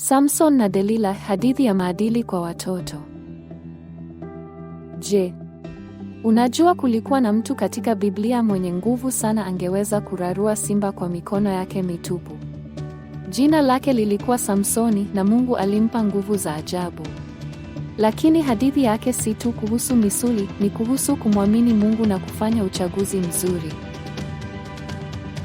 Samson na Delila, hadithi ya maadili kwa watoto. Je, unajua kulikuwa na mtu katika Biblia mwenye nguvu sana angeweza kurarua simba kwa mikono yake mitupu? Jina lake lilikuwa Samsoni na Mungu alimpa nguvu za ajabu. Lakini hadithi yake si tu kuhusu misuli, ni kuhusu kumwamini Mungu na kufanya uchaguzi mzuri.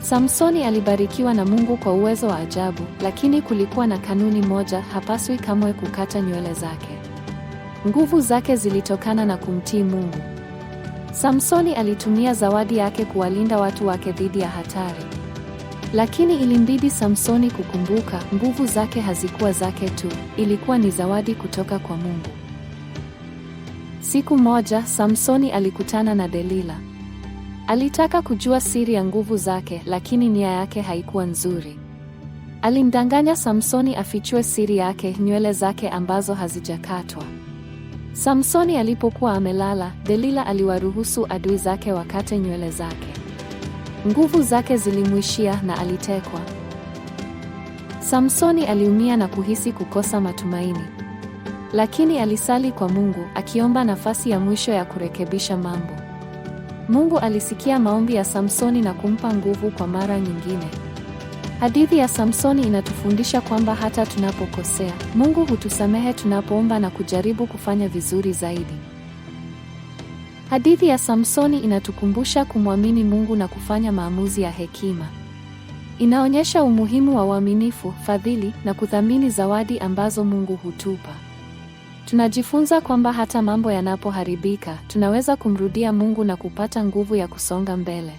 Samsoni alibarikiwa na Mungu kwa uwezo wa ajabu, lakini kulikuwa na kanuni moja, hapaswi kamwe kukata nywele zake. Nguvu zake zilitokana na kumtii Mungu. Samsoni alitumia zawadi yake kuwalinda watu wake dhidi ya hatari. Lakini ilimbidi Samsoni kukumbuka, nguvu zake hazikuwa zake tu, ilikuwa ni zawadi kutoka kwa Mungu. Siku moja, Samsoni alikutana na Delila. Alitaka kujua siri ya nguvu zake, lakini nia yake haikuwa nzuri. Alimdanganya Samsoni afichue siri yake, nywele zake ambazo hazijakatwa. Samsoni alipokuwa amelala, Delila aliwaruhusu adui zake wakate nywele zake. Nguvu zake zilimwishia na alitekwa. Samsoni aliumia na kuhisi kukosa matumaini. Lakini alisali kwa Mungu akiomba nafasi ya mwisho ya kurekebisha mambo. Mungu alisikia maombi ya Samsoni na kumpa nguvu kwa mara nyingine. Hadithi ya Samsoni inatufundisha kwamba hata tunapokosea, Mungu hutusamehe tunapoomba na kujaribu kufanya vizuri zaidi. Hadithi ya Samsoni inatukumbusha kumwamini Mungu na kufanya maamuzi ya hekima. Inaonyesha umuhimu wa uaminifu, fadhili na kuthamini zawadi ambazo Mungu hutupa. Tunajifunza kwamba hata mambo yanapoharibika, tunaweza kumrudia Mungu na kupata nguvu ya kusonga mbele.